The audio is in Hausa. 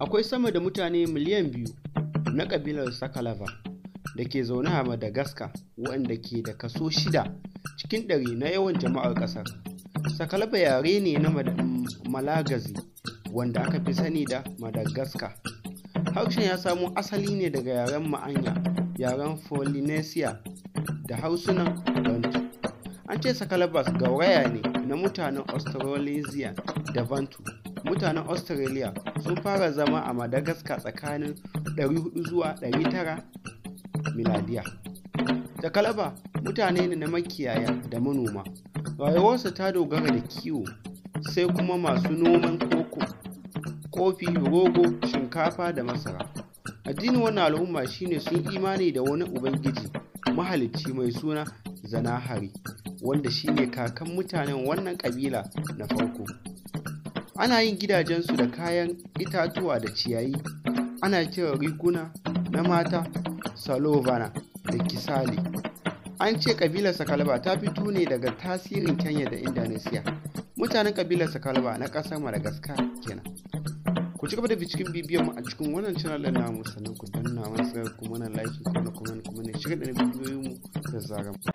akwai sama da mutane miliyan biyu na kabilar sakalava da ke zaune a madagascar waɗanda ke da kaso shida cikin ɗari na yawan jama'ar ƙasar sakalaba yare ne na malagazi wanda aka fi sani da madagascar harshen ya samo asali ne daga yaren ma'anya yaren polynesia da harsunan bantu an ce sakalava gauraya ne na mutanen australasia da bantu mutanen australia sun fara zama a madagascar tsakanin 400 zuwa 900 miladiya ta kalaba mutane ne na makiyaya da manoma rayuwarsa ta dogara da kiwo sai kuma masu noman koko kofi rogo shinkafa da masara addinin wannan al'umma shine sun imani da wani ubangiji mahalicci mai suna zanahari wanda shine kakan mutanen wannan kabila na farko ana yin gidajensu da kayan itatuwa da ciyayi ana kiran riguna na mata salovana da kisali an ce kabilar sakalba ta fito ne daga tasirin kenya da indonesia mutanen kabilar sakalba na kasar madagascar kenan ku ci gaba da bincikin bibiyan mu a cikin wannan channel na namu sannan ku danna mana sai kuma na like kuma na comment kuma na shiga da bidiyoyin mu da zaran